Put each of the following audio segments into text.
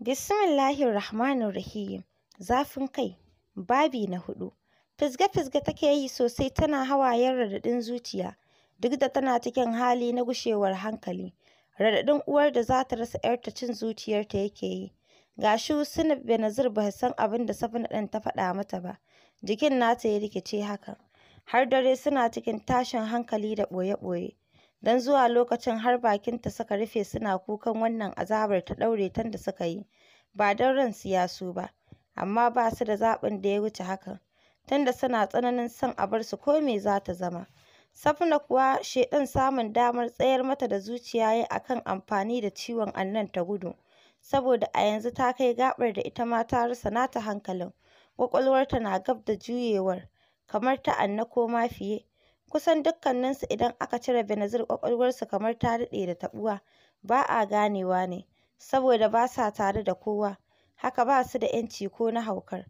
Bismillahirrahmanirrahim. Zafin kai. Babi na hudu. Fisge-fisge take yi sosai tana hawayen radadin zuciya, duk da tana cikin hali na gushewar hankali. Radadin uwar da za ta rasa ‘yarta cin zuciyarta yake yi. Ga shi Husna Benazir ba san abin da Safina ɗan ta faɗa mata ba. Jikin nata ya rikice hakan. Har dare suna cikin tashin hankali da ɓoye-ɓoye. don zuwa lokacin har bakin ta saka rufe suna kukan wannan azabar ta ɗaure ta da suka yi, ba don ran siyasu ba, amma ba su da zaɓin da ya wuce hakan, tunda suna tsananin son a bar su ko me za ta zama. Safna kuwa shaiɗan samun damar tsayar mata da zuciya yayi akan amfani da ciwon annan ta gudu, saboda a yanzu ta kai gaɓar da ita ma ta rasa nata hankalin, ƙwaƙwalwarta na gab da juyewar, kamar ta Anna ko ma fiye. Kusan dukkaninsu idan aka cire Benazir ƙwaƙwalwarsu kamar ta daɗe da taɓuwa, ba a ganewa ne, saboda ba sa tare da kowa, haka ba su da 'yanci ko na haukar.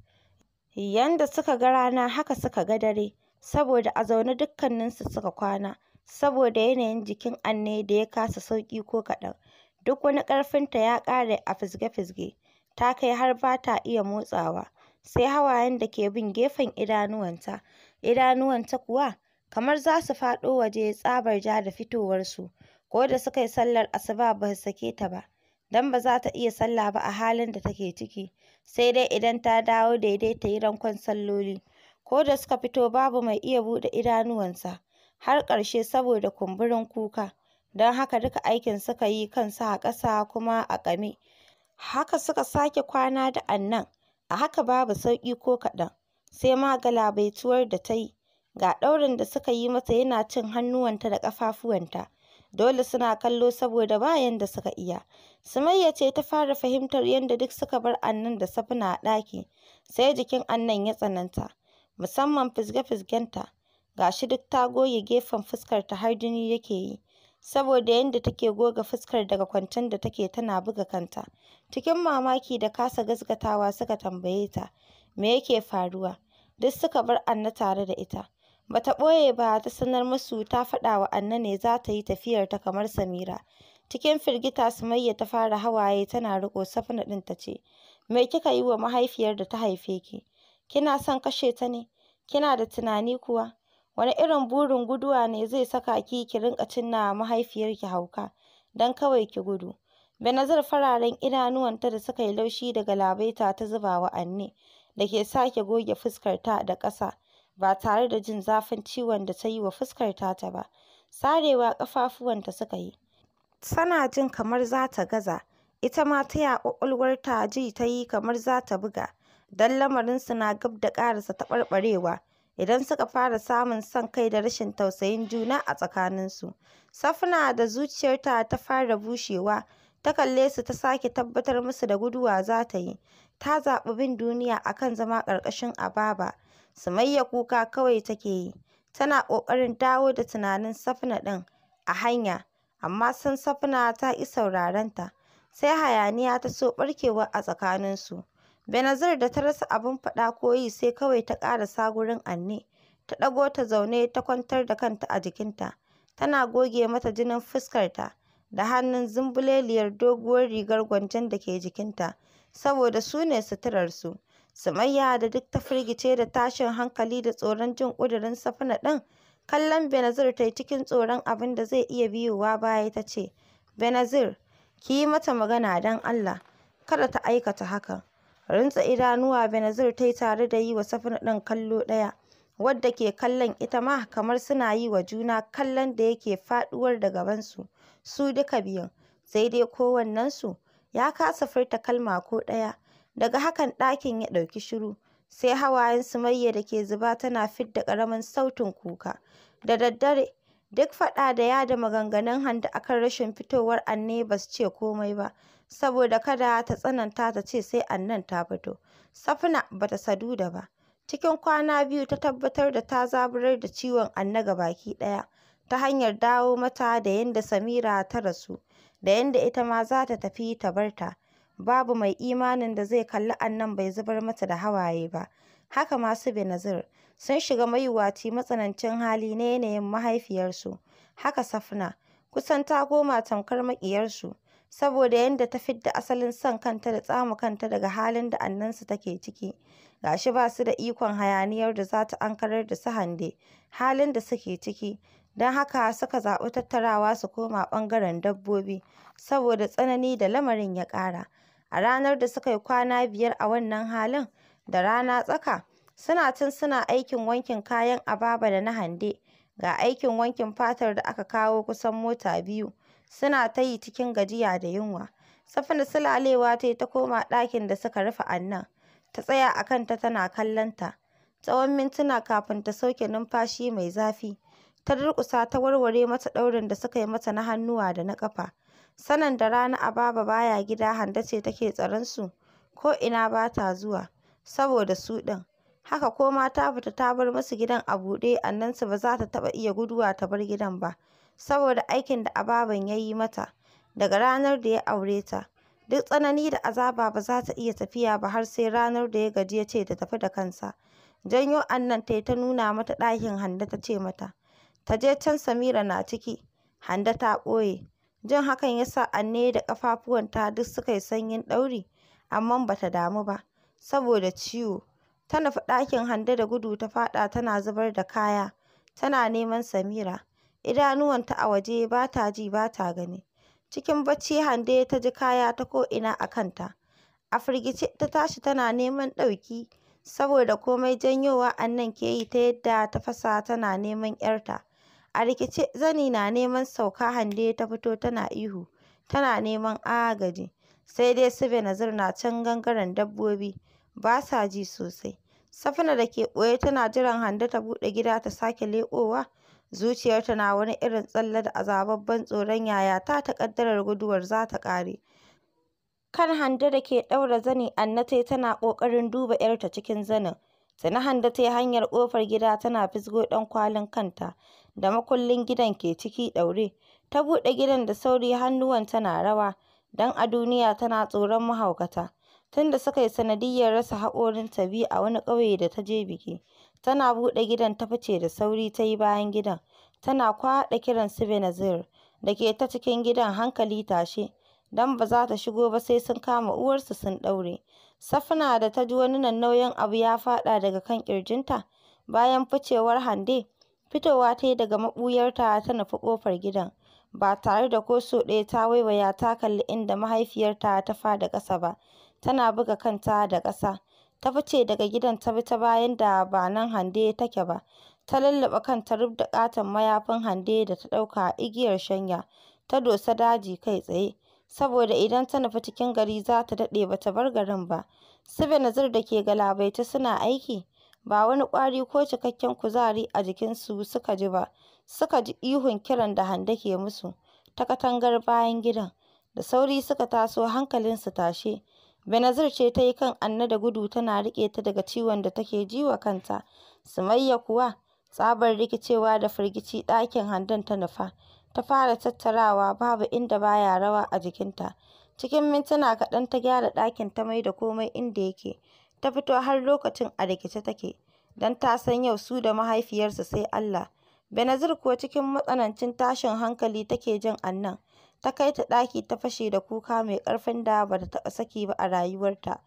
Yanda suka ga rana haka suka ga dare, saboda a zaune dukkaninsu suka kwana, saboda yanayin jikin Anne da ya kasa sauƙi ko kaɗan, duk wani ƙarfinta ya ƙare a fizge-fizge, ta kai har ba ta iya motsawa, sai hawayen da ke bin gefen idanuwanta, idanuwanta kuwa kamar za su faɗo waje tsabar ja da fitowarsu ko da suka yi sallar asuba ba su sake ta ba dan ba za ta iya sallah ba a halin da take ciki sai dai idan ta dawo daidai ta yi rankon salloli ko da suka fito babu mai iya buɗe idanuwansa har ƙarshe saboda kumburin kuka don haka duka aikin suka yi kansu a ƙasa kuma a ƙame haka suka sake kwana da annan a haka babu sauƙi ko kaɗan sai ma galabaituwar da ta yi ga ɗaurin da suka yi mata yana cin hannuwanta da ƙafafuwanta. Dole suna kallo saboda bayan da suka iya. Sumayya ce ta fara fahimtar yadda duk suka bar Annan da Safina a ɗaki, sai jikin Annan ya tsananta, musamman fisge fisgenta Ga shi duk ta goge gefen fuskarta har jini yake yi, saboda yadda take goga fuskar daga kwancen da take tana buga kanta. Cikin mamaki da kasa gaskatawa suka tambaye ta, me yake faruwa? Duk suka bar Anna tare da ita. Ba ta ɓoye ba, ta sanar masu ta faɗa wa Anna ne za ta yi tafiyarta kamar Samira. Cikin firgita Sumayya ta fara hawaye tana riƙo Safna ɗin ta ce, Me kika yi wa mahaifiyar da ta haife ki? Kina son kashe ta ne? Kina da tunani kuwa? Wani irin burin guduwa ne zai saka ki ki rinƙa cinna wa mahaifiyarki hauka don kawai ki gudu? Benazir fararen idanuwanta da suka yi laushi daga labaita ta zuba wa Anne da ke sake goge fuskarta da ƙasa ba tare da jin zafin ciwon da ta yi wa fuskar tata ba. Sarewa ƙafafuwanta suka yi. Sana jin kamar za ta gaza, ita ma taya ta ji ta yi kamar za ta buga, don lamarinsu na gab da ƙarasa taɓarɓarewa. idan suka fara samun son kai da rashin tausayin juna a tsakaninsu. Safna da zuciyarta ta fara bushewa, ta kalle su ta sake tabbatar musu da guduwa za ta yi. Ta zaɓi bin duniya akan zama ƙarƙashin Ababa, Sumayya kuka kawai take yi, tana ƙoƙarin dawo da tunanin Safna ɗin a hanya, amma sam Safna ta ƙi sauraron ta, sai hayaniya ta so ɓarkewa a tsakaninsu. Benazir da ta rasa abin faɗa koyi sai kawai ta ƙarasa gurin Anne, ta ɗago ta zaune ta kwantar da kanta a jikinta, tana goge mata jinin fuskarta da hannun zumbuleliyar doguwar rigar gwanjon da ke jikinta, saboda su ne suturarsu. Sumayya da duk ta firgice da tashin hankali da tsoron jin ƙudurin Safina ɗin, kallon Benazir ta yi cikin tsoron abin da zai iya biyowa baya ta ce, Benazir, ki yi mata magana don Allah, kada ta aikata hakan. Rintsa idanuwa Benazir ta yi tare da yi wa Safina ɗin kallo ɗaya, wadda ke kallon ita ma kamar suna yi wa juna kallon da yake faɗuwar da gabansu, su duka biyun, sai dai kowannensu ya kasa furta kalma ko ɗaya. Daga hakan ɗakin ya ɗauki shiru, sai hawayen Sumayya da ke zuba tana fidda ƙaramin sautin kuka. Da daddare, duk faɗa da yada maganganun Hande a kan rashin fitowar Anne ba su ce komai ba, saboda kada ta tsananta ta ce sai annan ta fito. Safna ba ta sadu da ba. Cikin kwana biyu ta tabbatar da ta zaburar da ciwon anna ga baki ɗaya, ta hanyar dawo mata da yadda Samira ta rasu, da yadda ita ma za ta tafi ta bar ta. babu mai imanin da zai kalli Annan bai zubar mata da hawaye ba. Haka masu Benazir sun shiga mayuwaci matsanancin hali na yanayin mahaifiyarsu. Haka Safna kusan ta goma tamkar maƙiyarsu saboda yadda ta fidda asalin son kanta da tsamu kanta daga halin da Annansu take ciki. Gashi ba su da ikon hayaniyar da za ta ankarar da su Hande halin da suke ciki. don haka suka zaɓi tattarawa su koma ɓangaren dabbobi saboda tsanani da lamarin ya ƙara A ranar da suka yi kwana biyar a wannan halin, da rana tsaka, suna tun suna aikin wankin kayan Ababa da na Hande, ga aikin wankin fatar da aka kawo kusan mota biyu, suna ta yi cikin gajiya da yunwa. Safina sulalewa ta yi ta koma ɗakin da suka rufe annan, ta tsaya a kanta tana kallon ta, tsawon mintuna kafin ta sauke numfashi mai zafi. Ta durƙusa ta warware mata ɗaurin da suka yi mata na hannuwa da na ƙafa. Sanin da rana Ababa ba ya gida Hande ce take tsaronsu, ko'ina ba ta zuwa, saboda su ɗin, haka ko ma ta fita ta bar musu gidan a buɗe su ba za ta taɓa iya guduwa ta bar gidan ba, saboda aikin da Ababan ya yi mata, daga ranar da ya aure ta, duk tsanani da azaba ba za ta iya tafiya ba har sai ranar da ya gaji ya ce ta tafi da kansa. Janyo Annan ta yi ta nuna mata ɗakin Hande ta ce mata, ta je can Samira na ciki, Hande ta ɓoye. Jin hakan ya sa Anne da ƙafafuwanta duk suka yi sanyin ɗauri, amma ba ta damu ba, saboda ciwo. Ta nufi ɗakin Hande da gudu ta faɗa tana zubar da kaya, tana neman Samira. Idanuwanta a waje ba ta ji ba ta gani. Cikin bacci Hande ta ji kaya ta ko'ina a kanta. A firgice ta tashi tana neman ɗauki, saboda komai janyowa annan ke yi ta yadda ta fasa tana neman ‘yarta. A rikice, zani na neman sauka Hande ta fito tana ihu, tana neman agaji, sai dai su Benazir na can gangaren dabbobi, ba sa ji sosai. Safina da ke ɓoye tana jiran Hande ta buɗe gida ta sake leƙowa, zuciyarta na wani irin tsalle da azababban tsoron yaya ta ƙaddarar guduwar za ta ƙare. Kan Hande da ke ɗaura zani annata tana ƙoƙarin duba 'yarta cikin zanin. tana Hande ta hanyar ƙofar gida tana fisgo ɗan kwalin kanta. da makullin gidan ke ciki ɗaure, ta buɗe gidan da sauri hannuwan tana rawa don a duniya tana tsoron mahaukata. Tunda suka yi sanadiyyar rasa haƙorin ta biyu a wani ƙauye da ta je biki, tana buɗe gidan ta fice da sauri ta yi bayan gidan, tana kwaɗa kiran su Benazir da ke ta cikin gidan hankali tashe. don ba za ta shigo ba sai sun kama uwarsu sun ɗaure. Safna da ta ji wani nauyin abu ya faɗa daga kan ƙirjinta bayan ficewar Hande, Fitowa ta yi daga maɓuyarta ta nufi ƙofar gidan, ba tare da ko so ɗaya ta waiwaya ta kalli inda mahaifiyarta ta faɗi ƙasa ba, tana buga kanta da ƙasa. Ta fice daga gidan ta bi ta bayan da ba nan Hande take ba, ta lulluɓe kanta rub da ƙaton mayafin Hande da ta ɗauka igiyar shanya, ta dosa daji kai tsaye, saboda idan ta nufi cikin gari za ta daɗe ba ta bar garin ba. Su nazar da ke galabaita suna aiki ba wani ƙwari ko cikakken kuzari a jikinsu suka ji ba, suka ji ihun kiran da Hande ke musu ta katangar bayan gidan. Da sauri suka taso hankalinsu tashe. Benazir ce ta yi kan Anna da gudu tana riƙe ta daga ciwon da take ji wa kanta. Sumayya kuwa tsabar rikicewa da firgici ɗakin Handan ta nufa. Ta fara tattarawa babu inda baya rawa a jikinta. Cikin mintuna kaɗan ta gyara ɗakin ta mai da komai inda yake. ta fito har lokacin a rikice take don ta san yau su da mahaifiyarsa sai Allah. Benazir kuwa cikin matsanancin tashin hankali take jin Annan, ta kai ta ɗaki ta fashe da kuka mai ƙarfin da ba ta saki ba a rayuwarta.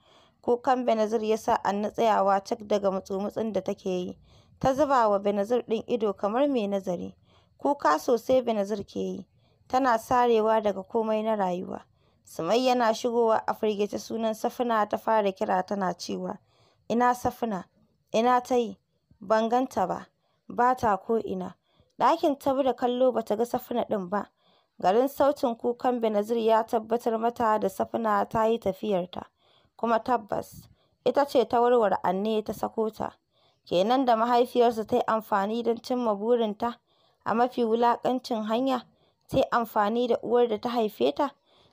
Kukan Benazir ya sa Anna tsayawa cak daga mutsumutsun da take yi, ta zuba wa Benazir ɗin ido kamar mai nazari. Kuka sosai Benazir ke yi, tana sarewa daga komai na rayuwa. Sumayya yana shigowa a firgice sunan Safina ta fara kira tana cewa, "Ina Safina? Ina ta yi? Ban gan ba, ba ta ina." Ɗakin ta bi da kallo ba ta ga Safina ɗin ba. Garin sautin kukan Benazir ya tabbatar mata da Safina ta yi tafiyarta, kuma tabbas, ita ce ta warware Anne ta sako ta. Kenan da mahaifiyarsa ta yi amfani don cimma burinta a mafi wulaƙancin hanya, ta amfani da uwar da ta haife ta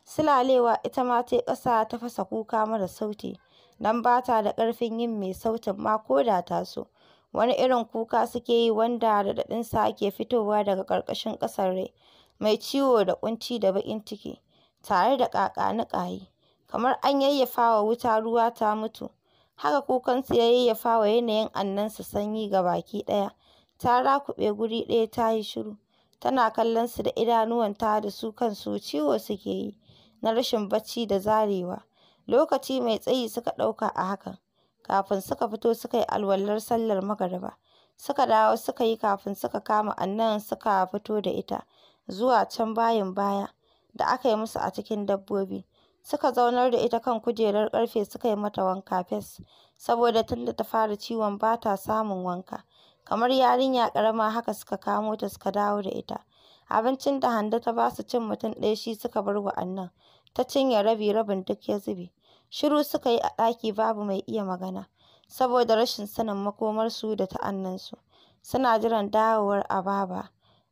Sulalewa ita ma ta ƙasa ta fasa kuka mara sauti don ba ta da ƙarfin yin mai sautin ma ko da ta so, wani irin kuka suke yi wanda raɗaɗinsa ke fitowa daga ƙarƙashin ƙasar rai mai ciwo da ƙunci da baƙin ciki, tare da ni ƙayi kamar an yayyafa wa wuta ruwa ta mutu, haka kukansu ya yayyafa wa yanayin annansa sanyi ga baki ɗaya, ta rakuɓe guri ɗaya ta yi shiru, tana kallon su da idanuwanta da su kansu ciwo suke yi. na rashin bacci da zarewa, lokaci mai tsayi suka ɗauka a hakan, kafin suka fito suka yi alwalar sallar magariba, suka dawo suka yi kafin suka kama annan suka fito da ita zuwa can bayin baya da aka yi musu a cikin dabbobi, suka zaunar da ita kan kujerar ƙarfe suka yi mata wanka fes, saboda tun da ta fara ciwon ba ta samun wanka, kamar yarinya ƙarama haka suka kamo ta suka dawo da ita Abincin da Handa ta ba su cin mutum ɗaya shi suka bar wa Annan, ta cinye rabi rabin duk ya zube. Shiru suka yi a ɗaki babu mai iya magana, saboda rashin sanin makomarsu da ta'annansu, Suna jiran dawowar Ababa.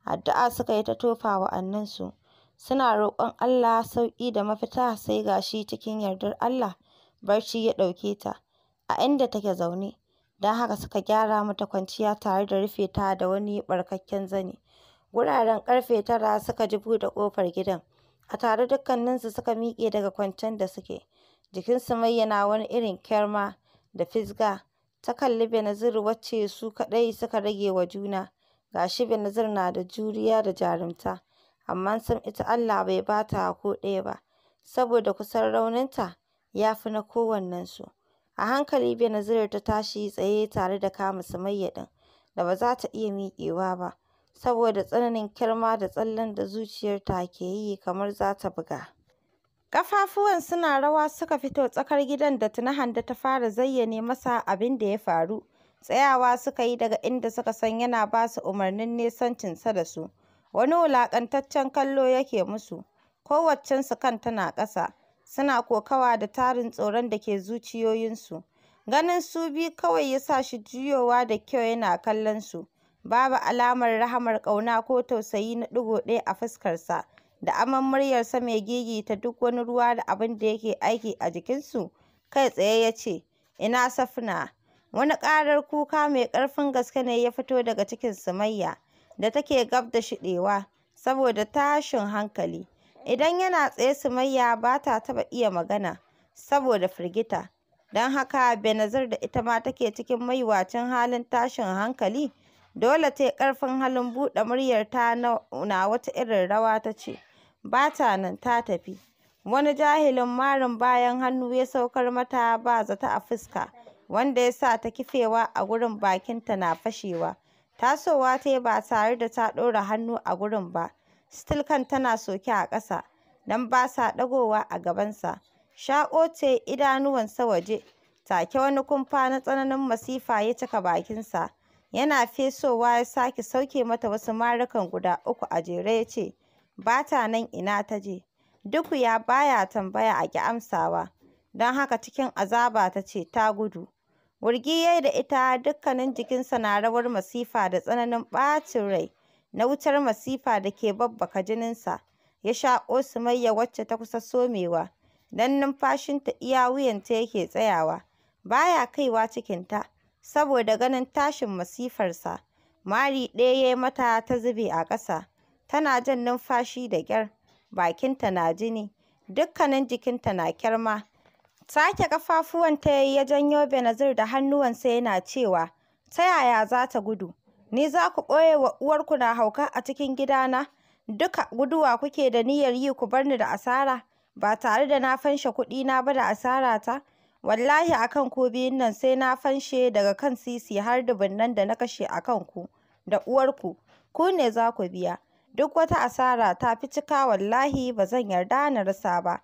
Addu'a suka yi ta tofa wa Annansu, suna roƙon Allah sauƙi da mafita sai ga shi cikin yardar Allah barci ya ɗauke ta, a inda take zaune. Don haka suka gyara mata kwanciya tare da rufe ta da wani barkakken zane. Wuraren karfe tara suka ji buɗe ƙofar gidan, a tare dukkaninsu suka miƙe daga kwancen da suke, jikin Sumayya na wani irin kyarma da fisga. ta kalli Benazir wacce su kaɗai suka rage wa juna, ga shi Benazir na da juriya da jarumta, amma sam ita Allah bai ba ta ko ɗaya ba, saboda kusan rauninta ya fi na kowannensu. A hankali Benazir ta tashi tsaye tare da kama Sumayya ɗin, da ba za ta iya miƙewa ba. saboda tsananin kirma da tsallen da zuciyarta ke yi kamar za ta buga. Ƙafafuwan suna rawa suka fito tsakar gidan da tuni Hande ta fara zayyane masa abin da ya faru. Tsayawa suka yi daga inda suka san yana ba su umarnin nesancinsa da su. Wani wulaƙantaccen kallo yake musu. Kowaccensu kan tana ƙasa. Suna kokawa da tarin tsoron da ke zuciyoyinsu. Ganin su biyu kawai ya sa shi juyowa da kyau yana kallon su. babu alamar rahamar ƙauna ko tausayi na ɗigo ɗaya a fuskarsa da aman muryarsa mai ta duk wani ruwa da abin da yake aiki a jikinsu kai tsaye ya ce ina safna wani ƙarar kuka mai ƙarfin gaske ne ya fito daga cikin sumayya da take gab da shiɗewa saboda tashin hankali idan yana tsaye sumayya ba ta taɓa iya magana saboda firgita don haka benazir da ita ma take cikin maiwacin halin tashin hankali Dole ta yi ƙarfin halin buɗe muryar ta na wata irin rawa ta ce, ba ta nan, ta tafi. Wani jahilin marin bayan hannu ya saukar mata ba zata a fuska, wanda ya sa ta kifewa a gurin bakinta na fashewa. Tasowa ta yi ba tare da ta ɗora hannu a gurin ba, still tana soke a ƙasa, don basa sa ɗagowa a gabansa. Shaƙo ce idanuwansa waje, take wani kumfa na tsananin masifa ya cika bakinsa. Yana fesowa ya sake sauke mata wasu marukan guda uku a jere ya ce, ba ta nan ina ta je. Duk ya baya tambaya a ki amsawa, don haka cikin azaba ta ce, ta gudu. Wurgi ya da ita dukkanin jikinsa na rawar masifa da tsananin ɓacin rai na wutar masifa da ke babbaka jininsa. Ya sha sumayya wacce ta kusa somewa, don numfashinta iya wuyanta yake tsayawa, baya kaiwa cikinta. saboda ganin tashin masifarsa. Mari ɗaya ya mata ta zube a ƙasa, tana jan numfashi da ƙyar, bakinta na jini, dukkanin jikinta na kyarma. Sake ƙafafuwanta ya yi ya janyo Benazir da hannuwansa yana cewa, ta yaya za ta gudu? Ni za ku ɓoye wa uwarku na hauka a cikin gidana? Duka guduwa kuke da niyyar yi ku bar ni da asara, ba tare da na fanshe na ba da asarata? wallahi a kan ku biyun nan sai na fanshe daga kan sisi har dubunnan da na kashe a kan ku da uwarku ku ne za ku biya duk wata asara ta fi cika wallahi ba zan yarda na rasa ba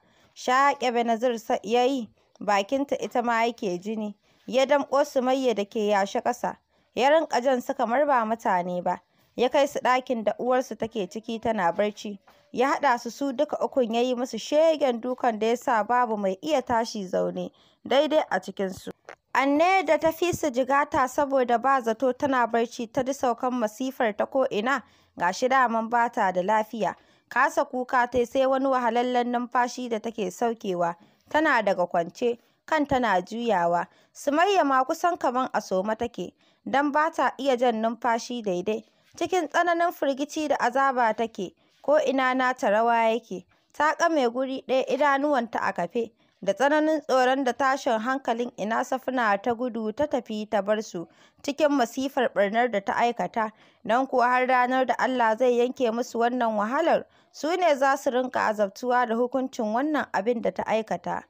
shaƙe benazir ya yi bakinta ita ma yake jini ya damƙo sumayya da ke yashe ƙasa ya rinƙa jan su kamar ba mutane ba ya kai su ɗakin da uwarsu take ciki tana barci ya haɗa su su duka ukun ya yi musu shegen dukan da ya sa babu mai iya tashi zaune daidai a cikinsu anne da ta fi su jigata saboda ba zato tana barci ta ji saukan masifar ta ko'ina ga shi daman ba ta da lafiya kasa kuka ta sai wani wahalallen numfashi da take saukewa tana daga kwance kan tana juyawa sumayya ma kusan kaman a soma take don ba ta iya jan numfashi daidai cikin tsananin firgici da azaba take, ko ko'ina nata rawa yake, ta mai guri ɗaya idanuwanta a kafe, da tsananin tsoron da tashin hankalin ina safina ta gudu ta tafi ta bar su cikin masifar ɓarnar da ta aikata, don kuwa har ranar da Allah zai yanke musu wannan wahalar, su ne za su rinƙa azabtuwa da hukuncin wannan abin da ta aikata.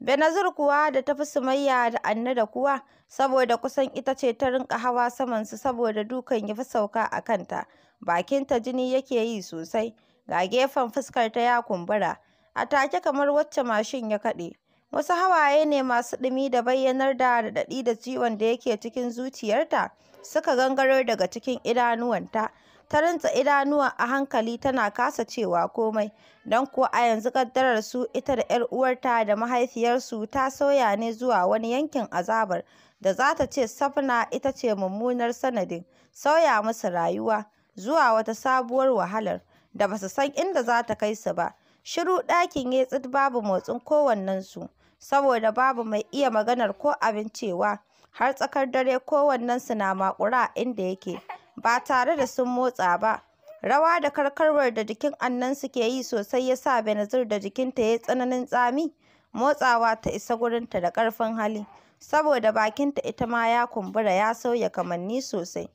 Benazir kuwa da ta fi Sumayya da Anna da kuwa saboda kusan ita ce ta rinƙa hawa saman su saboda dukan ya fi sauka a kanta bakinta jini yake yi sosai ga gefen fuskar ta ya kumbura a take kamar wacce mashin ya kaɗe wasu hawaye ne masu ɗumi da bayyanar da raɗaɗi da ciwon da yake cikin zuciyarta suka gangaro daga cikin idanuwanta ta rintsa idanuwa a hankali tana kasa cewa komai, don kuwa a yanzu kaddarar su ita da ‘yar uwarta da mahaifiyarsu ta sauya ne zuwa wani yankin azabar da za ta ce Safna ita ce mummunar sanadin sauya musu rayuwa zuwa wata sabuwar wahalar da ba su san inda za ta kai su ba. Shiru ɗakin ya tsit babu motsin kowannensu, saboda babu mai iya maganar ko abin cewa, har tsakar dare kowannensu na maƙura a inda yake. ba tare da sun motsa ba. Rawa da karkarwar da jikin annan suke yi sosai ya sa Benazir da jikinta ya yi tsananin tsami, motsawa ta isa gurinta da ƙarfin hali, saboda bakinta ita ma ya kumbura ya sauya kamanni sosai.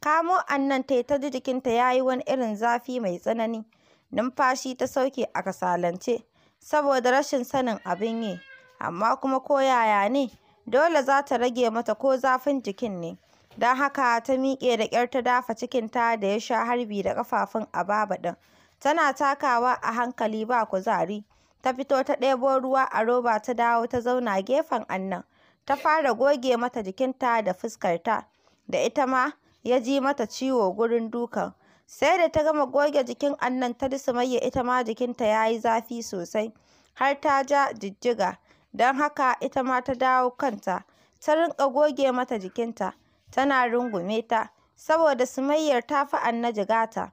Kamo Annan ta yi ta ji jikinta ya yi wani irin zafi mai tsanani, numfashi ta sauke a kasalance, saboda rashin sanin abin yi, amma kuma ko yaya ne, dole za ta rage mata ko zafin jikin ne. don haka ta miƙe da ƙyar ta dafa cikinta da ya sha harbi da ƙafafun ababa ɗin tana takawa a hankali ba kuzari ta fito ta ɗebo ruwa a roba ta dawo ta zauna gefen annan ta fara goge mata jikinta da fuskarta da ita ma ya ji mata ciwo gurin dukan sai da ta gama goge jikin annan ta dusumayya ita ma jikinta ya yi zafi sosai har ta ja jijjiga don haka ita ma ta dawo kanta ta rinƙa goge mata jikinta tana rungume ta saboda sumayyar ta fi annaji gata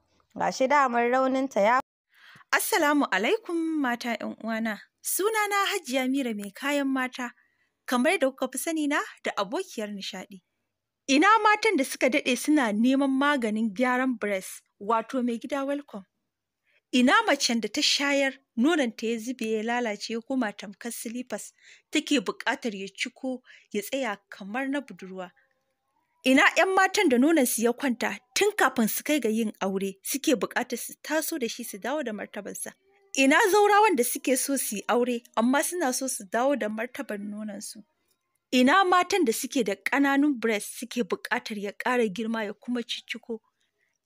gashi damar rauninta ya Assalamu alaikum mata ‘yan uwana, sunana Hajiya Mira mai kayan mata, kamar da kuka fi sani na da abokiyar nishaɗi. Ina matan da suka dade suna neman maganin gyaran breast wato mai gida welcome. Ina macen da ta shayar nonon ta ya zube ya lalace ya koma tamkar silifas take buƙatar ya ciko ya tsaya kamar na budurwa. Ina 'yan matan da nonansu ya kwanta tun kafin su kai ga yin aure suke buƙatar su taso da shi su dawo da martabarsa. Ina zaurawan da suke so su yi aure amma suna so su dawo da martabar nonansu. Ina matan da suke da ƙananun breast suke buƙatar ya ƙara girma ya kuma cicciko.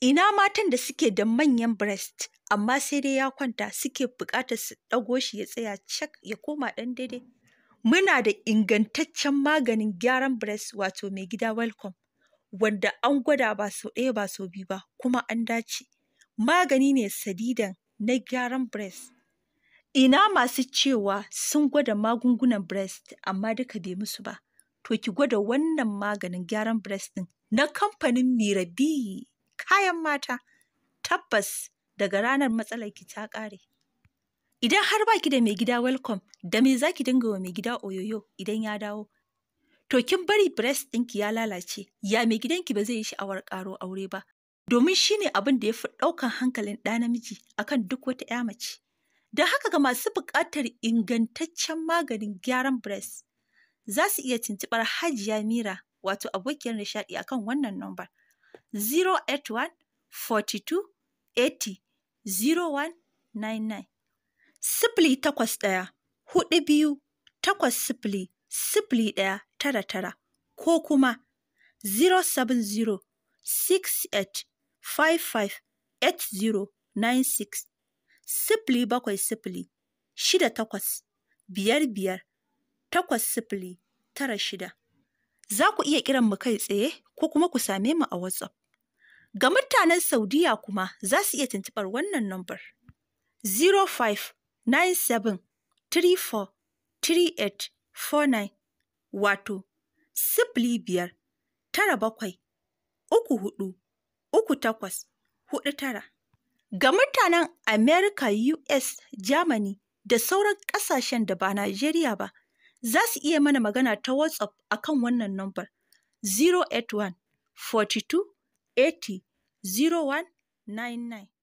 Ina matan da suke da manyan breast amma sai dai ya kwanta suke buƙatar su ɗago shi ya tsaya cak ya koma ɗan daidai. Muna da ingantaccen maganin gyaran breast wato mai gida welcome. wanda an gwada ba sau ɗaya ba sau biyu ba kuma an dace magani ne sadidan na gyaran breast ina masu cewa sun gwada magungunan breast amma duka bai musu ba to ki gwada wannan maganin gyaran breast din na kamfanin mirabi kayan mata tabbas daga ranar matsalar ki ta ƙare idan har baki da mai gida welcome da me zaki dinga wa mai gida oyoyo idan ya dawo to kin bari breast ɗinki ya lalace ya mai gidanki ba zai yi sha'awar ƙaro aure ba domin shine abin da ya fi ɗaukan hankalin ɗa namiji akan duk wata ‘ya mace. dan haka ga masu buƙatar ingantaccen maganin gyaran breast za su iya tuntuɓar Hajiya Mira wato abokiyar nishaɗi akan wannan number 081-42-80-0199 sifili takwas ɗaya hudu biyu takwas sifili sifili ɗaya tara-tara ko kuma 070 68 8096 sifili bakwai sifili shida takwas biyar biyar takwas sifili tara shida. Za ku iya kiran mu kai tsaye ko kuma ku same mu a WhatsApp. Ga mutanen Saudiya kuma za su iya tuntuɓar wannan nambar 0597 34 wato sifili biyar tara bakwai uku hudu uku takwas hudu tara. Ga mutanen Amerika, US, Germany da sauran ƙasashen da ba Najeriya ba, za su iya mana magana ta WhatsApp a kan wannan nambar 081 42 80 0199.